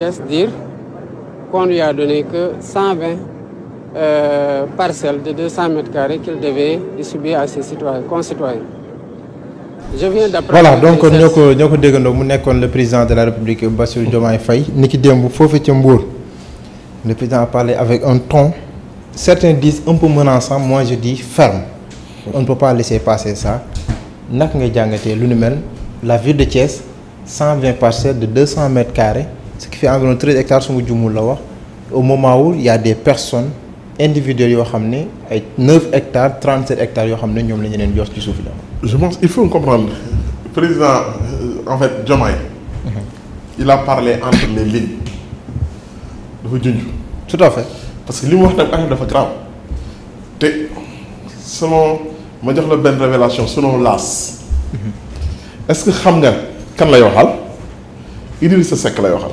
laisse dire qu'on que 120 euh, parcelles de 200 mètres carrés qu'il devait distribuer à ses citoyens, concitoyens. je donc ñoo ko ñoo ko déggandoo mu nekkoon le président de la République Bassirou Diomaye fay ni ki démb foofu ca Mbour le président a parlé avec un ton certains disent un peu menaçant moi je dis ferme on ne peut pas laisser passer ça naka nga jàngatee lu nu mel la ville de Thiès 120 parcelles de 200 mètres carrés ce qui fait environ treize hectares su ma jumul la wax au moment où il y a des yoo xam ne ay neuf hectares trente sept hectares yoo xam ne ñoom la ñu leen jox ci suuf la. je pense il faut comprendre président euh, en fait Diomaye. Mhm. il a parlé entre les lignes dafa junj. tout à fait parce que li mu wax nag affaire dafa grave te selon ma jox la benn révélation selon l'AS mhm. est-ce que xam nga kan lay waxal Idrissa Seck lay waxal.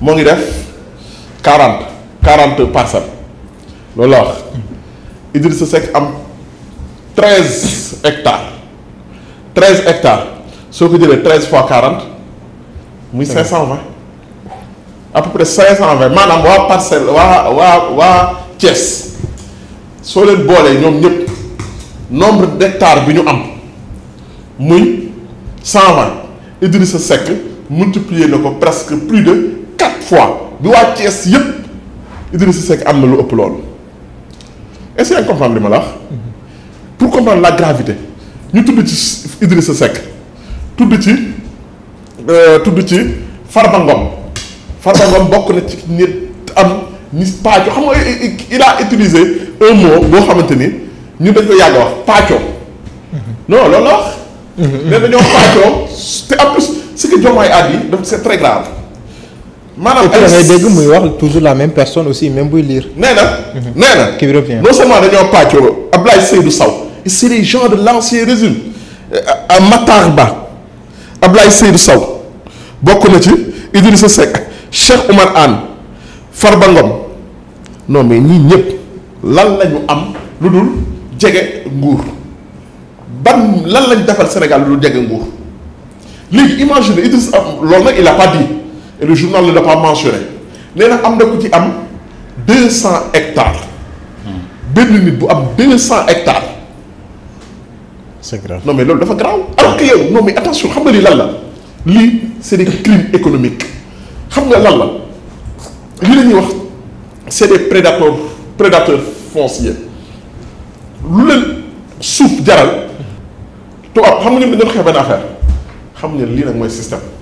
moo ngi def quarante quarante parcelles loolu la wax Idrissa Seck am treize hectares treize hectares soo ko jëlee treize fois quarante muy cinq cent vingt à cinq cent vingt maanaam waa parcelle waa waa waa Thiès soo leen boolee ñoom ñëpp nombre hectare bi ñu am muy cent vingt sa Seck multiplier na ko presque plus de fois bi waa Thiès yëpp Idrissa Seck am na lu ëpp loolu est-ce que comprendre li ma la wax pour comprendre la gravité ñu tudd ci Idrissa Seck tudd ci euh, tudd ci Farba Ngom Farba Ngom bokk na ci nit am ni paaco xam nga il a utilisé un mot boo xamante ni ñu dañ ko yàgg wax paaco non loolu la wax mm-hmm. mais dañoo paaco te en plus ce que Diomaye a dit c'est très maanaam ay ngay dégg muy wax toujours la même personne aussi même buy liir nee na. Mhm. nee na qui revient non seulement dañoo pàccoo Ablaye Seydou Sow c'est les gens de l'ancien régime euh, à Matar Ba Ablaye Seydou Sow bokk na ci Idrissa Seck Cheikh Oumar Anne Farba Ngom non mais ñii ñëpp lan la am lu dul jege nguur ban lan lañ defal Sénégal lu dul jege nguur léegi imagine Idrissa loolu nag il a pas et le journal ne l'a pas mentionné nee am na ku ci am deux cent hectares. Hmm. benn nit bu am deux cent hectares. c'est grave non mais loolu dafa grave. alors que yow non mais attention xam nga lii lan la lii c'est des crimes économiques xam nga lan la lii la ñuy wax c'est des prédateurs prédateurs fonciers lu leen suuf jaral. tubaab xam nga ñoom dañoo xeex benn affaire xam nga lii nag mooy système.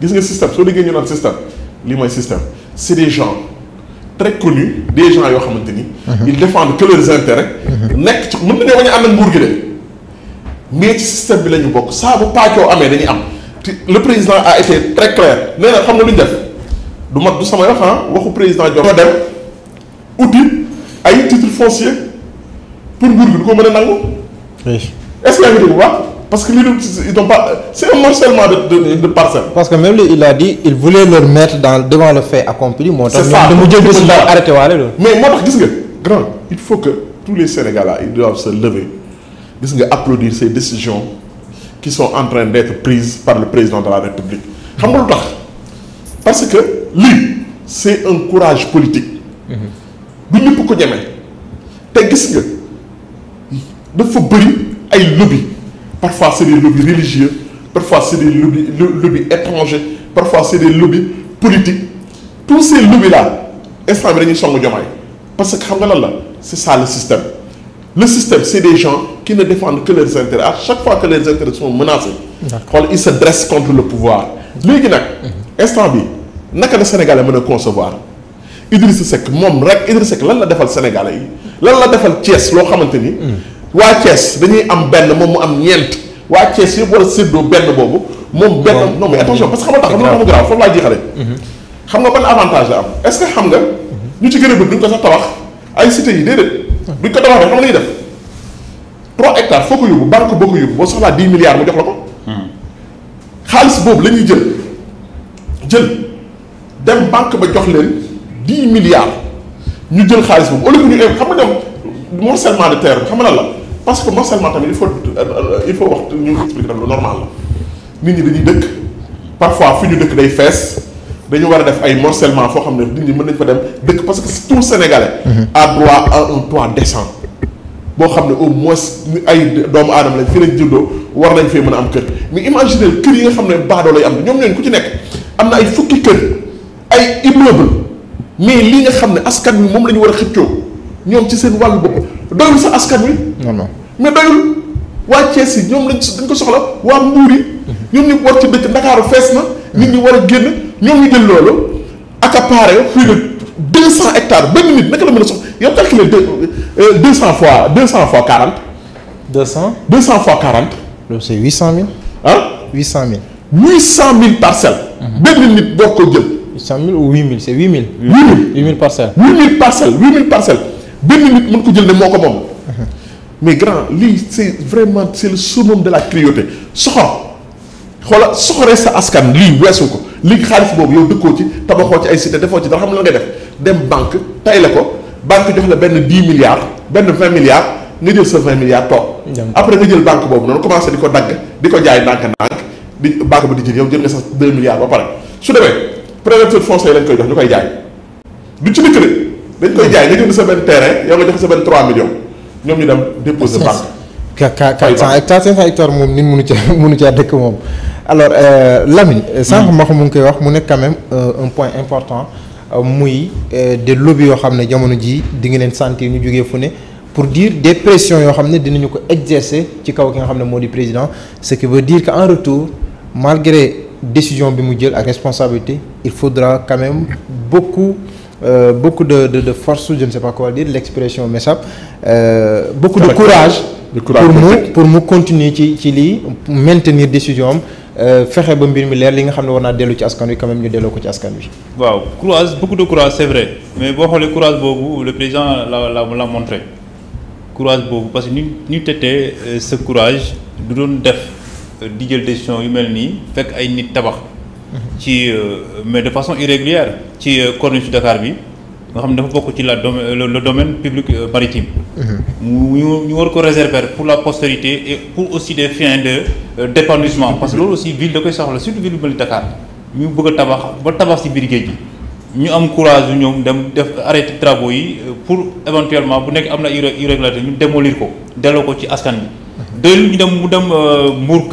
gis nga système soo déggee ñu naan système li mooy système c'est des gens très connus des gens yoo xamante ni. Mhm. ils défendent que leurs intérêts. Mhm. nekk ci mën nañoo bañ a ànd ak nguur gi de mais ci système bi la ñu bokk saa bu paacoo amee dañuy am te le président a été très clair nee na xam nga lu def du mat du sama wax ah waxu président Diop. dem uti ay titre foncier pour nguur gi du ko mën a nangu. est yaa ngi dégg bu baax. parce que li ñu c'est un morcellement de de parce que même lui il a dit il voulait leur mettre dans devant le fait accompli. moo tax ñoom damu jël daal arrêté waale loolu. mais moo tax gis nga grand il faut que tous les Sénégalais ils doivent se lever gis nga applaudir ces décisions qui son en train d'être prises par le président de la République xam nga lu tax parce que li c'est un courage politique. Mm-hmm. du ñëpp ko ñeme te gis nga dafa bëri ay lobby. Parfois, c'est des lobbies religieux, parfois, c'est des lobbies, lobbies, étrangers, parfois, c'est des lobbies politiques. Tous ces lobbies-là, Parce que c'est ça le système. Le système, c'est des gens qui ne défendent que leurs intérêts. À chaque fois que leurs intérêts sont menacés, ils se dressent contre le pouvoir. léegi nag instant bi naka de sénégalais mën a concevoir Idrissa Seck moom rek Idrissa Seck lan la defal sénégalais yi lan la defal Thiès loo xamante ni hmm. waa Thiès dañuy am benn moom mu am ñeent waa Thiès yëpp war a séddoo benn boobu moom benn non mais attention parce que xam nga tax xam nga garaaw foofu laa jeexale mhm. xam nga ban avantage la am est que xam nga ñu ci gën a bëgg duñ ko sax tabax ay cité yi déedéet duñ ko tabaxee xam nga ñuy def 3 hectare foofu ko yóbbu banque boo ko yóbbu boo soxlaa 10 milliards mu jox la ko hmm. xaalis boobu lañuy jël jël dem banque ba jox leen 10 milliards ñu jël xaalis boobu au lieu que ñu eh, xam nga dem morcellement de terre xam nga lan la parce que morcellement tamit il faut euh, il faut wax ñu expliquer tam lu normal la nit ñi dañuy dëkk parfois fi ñu dëkk day fees dañu war a def ay morcellement foo xam ne nit ñi mën nañ fa dem dëkk parce que tout Sénégalais a mhm. droit à un toit décent boo xam ne au moins ay doomu aadama lañ fi lañ juddoo war nañ fee mën a am kër mu imaginez kër yi nga xam ne baadoo lay am ñoom ñooñu ku ci nekk am na ay fukki kër ay immeuble mais li nga xam ne askan wi moom la ñu war a xëccoo ñoom ci seen wàllu bopp doyul sa askan wi. non non mais doyul waa Thiès yi ñoom lañ dañ ko soxla waa Mbuur yi. ñoom ñu war ci dëkk Ndakaaru fees na. nit ñi war a génn ñoom ñu jël loolu accaparé plus de deux cent hectares benn nit naka la mën a soxla yow calculé deux euh, cent fois deux cent fois quarante. deux cent. deux cent fois quarante. loolu c'est huit cent mille. ah huit cent mille. huit cent mille parcelles. Mhm. benn nit boo ko jël. huit cent mille ou huit mille c'est huit mille. huit mille huit mille parcelles. huit mille parcelles huit mille parcelles. benn nit mën ko jël ne moo ko moom. mais grand lii c'est vraiment c'est le summum de la cruauté soxor xoola soxoree sa askan lii weesu ko lii xaalis boobu yow dëkkoo ci tabaxoo ci ay cité defoo ci dara xam la ngay def dem banque tay la ko banque jox la benn 10 milliards benn 20 milliards nga jël sa 20 milliards toog. après nga jël banque boobu noonu commencé di ko dagg di ko jaay ndànk-ndànk di banque ba di jël yow jël nga sax 2 milliards ba koy jox ñu koy jaay dañ koy jaay nga jënd sa benn terrain yow nga jox sa benn 3 millions ñoom ñu dem déposer banque. ka ka 400 hectares 500 hectares moom nit mënu caa mënu caa dëkk moom alors euh, Lamine. Hmm. Euh, sànq ma ko mu ngi koy wax mu ne quand même euh, un point important muy des lobbies yoo xam ne jamono jii di nga leen sentir ñu jógee fu ne pour dire des pressions yoo xam ne dinañu ko exercer ci kaw ki nga xam ne moo di président ce qui veut dire que en retour malgré décision bi mu jël ak responsabilité il faudra quand même beaucoup. euh, beaucoup de, de, force, su ne sa pas quoi dire, l'expression m'échappe, euh, beaucoup de courage, de courage pour mu pour mu continuer ci ci lii maintenir décision am euh, fexe ba mbir mi leer li nga xam ne war naa dellu ci askan wi quand ñu delloo ko ci askan wi. waaw courage beaucoup de courage c'est vrai mais boo xoolee courage boobu le président la la la montré courage boobu parce que ñu ñu tetee euh, ce courage du doon def euh, di jël décision yu mel nii fekk ay nit tabax. ci euh, mais de façon irrégulière ci euh, corniche Dakar bi nga xam ne dafa bokk ci la le domaine public euh, maritime. ñu mm-hmm. ñu war ko réserver pour la postérité et pour aussi des fins de d'épanouissement parce que loolu aussi ville da koy soxla surtout ville bu mel Dakar ñu bëgg a tabax ba tabax ci biir géej gi. ñu am courage yu ñoom dem def arrêté travaux yi pour éventuellement bu nekk am na irrégularité ñu démolir ko delloo ko ci askan bi. Mm-hmm. doyul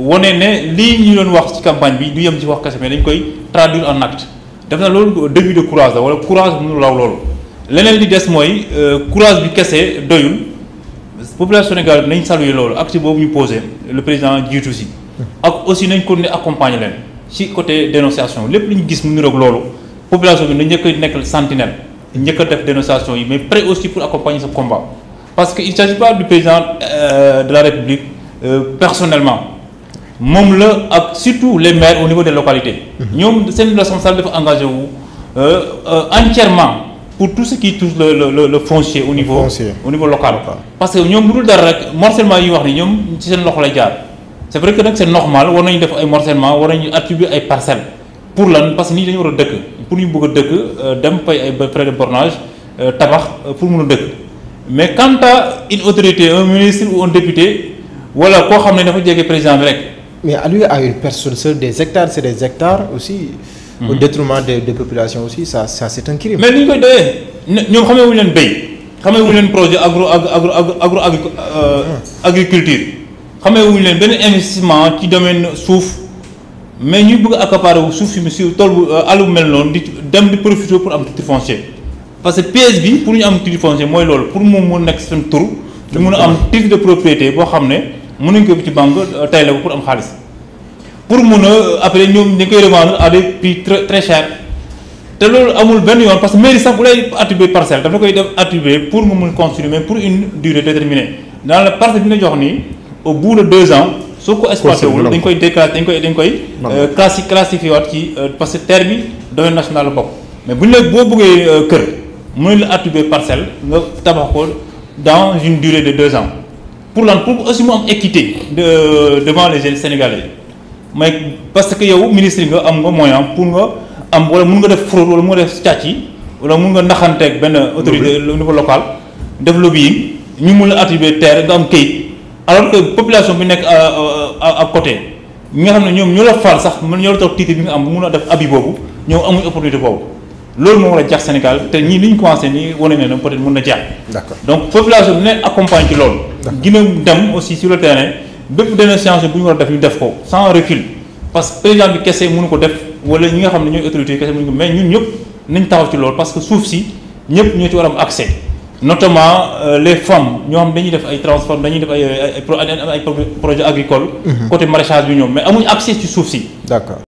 wone ne lii ñu doon wax ci campagne bi du yem ci wax kese mais dañ koy traduire en acte def na loolu début de courage la wala courage mënu law loolu leneen li des mooy euh, courage bi kese doyul population sénégalaise nañ saluer loolu ak si boobu ñu posé le président jiitu si ak aussi nañ ko ne accompagner leen ci côté dénonciation lépp lu ñu gis mu niroog loolu population bi na njëkk a nekk sentinelle njëkk a def dénonciation yi mais prêt aussi pour accompagner ce combat parce que il s'agit pas du président euh, la république euh, personnellement moom la ak surtout les maires au niveau des localités. ñoom seen responsable dafa engagé wu euh, euh, entièrement pour tout ce qui touche le le le le foncier au niveau. foncier au niveau local. parce que ñoom lu dul dara rek morcellement yi wax ni ñoom ci seen loxo lay jaar c' est que nag seen est normal war nañu def ay morcellement war nañu attribuer ay parcelles pour lan parce que nit dañu war a dëkk pour ñu bugg a dëkk euh, dem fay ay frais de tabax pour mun a dëkk mais quant à autorité ministre ou un député wala koo xam ne dafa jege président rek. mais alloué à une personne seule des hectares c'est des hectares aussi. au mhm. détriment des des populations aussi ça ça c'est un crime. mais ni ñu koy doyee ñoom xamee wu leen béy. xamee wu leen projet agro agro agro euh, mhm. agriculture. xamee wu leen benn investissement ci domaine suuf mais ñuy bëgg a accaparer wu suuf si mu si tool bu euh, àll bu mel noonu di dem di profiter pour am titre foncier. parce que pièce bi pour ñu am titre foncier mooy loolu pour moom mun nekk seen tur. ñu a am titre de propriété boo xam ne. mënuñ ko ci banque euh, tey la ko pour am xaalis pour mun a après ñoom dañ koy revendre à des prix très cher te loolu amul benn yoon parce que mairie sax bu lay attribuer parcelle dafa koy def attribuer pour mu mun consommer pour une durée déterminée dans la parcelle bi ñu jox nii au de deux ans soo ko exploité wul dañ koy déclassé dañ koy dañ koy euh, classi classifié ci euh, parce que terre bi domaine national la bokk mais bu ñu la boo buggee kër mënuñ la attribuer parcelle nga tabax ko dans une durée de deux ans pour lan pour aussi mu am équité de devant les jeunes sénégalais mais parce que yow ministre nga am nga moyen pour nga am wala mun nga def fraude wala mun nga def càcc wala mun nga naxanteeg benn autorité au niveau local def lobby yi ñu mun a attribuer terre nga am kayit alors que population bi nekk à côté ñi nga xam ne ñoom ñoo la fal sax mën ñoo la tax titre bi nga am mun a def abi boobu ñoo amuñ opportunité boobu loolu moo war a jeex Sénégal te ñii li ñu commencé nii wane na peut-être mën na jeex. d'accord donc population bi ne accompagne ci loolu. gën a dem aussi sur le terrain bépp benn science bu ñu war a def ñu def ko sans recul parce que président kese mënu ko def wala ñi nga xam ne ñooy autorités yi kese mënu ko ñëpp nañ taxaw ci loolu que suuf si ñëpp ñoo ci war a am accès notamment les femmes ñoo xam dañuy def ay transforme dañuy def ay ay ay projet agricole. côté maraîchage bi ñoom mais amuñ accès ci suuf si. d'accord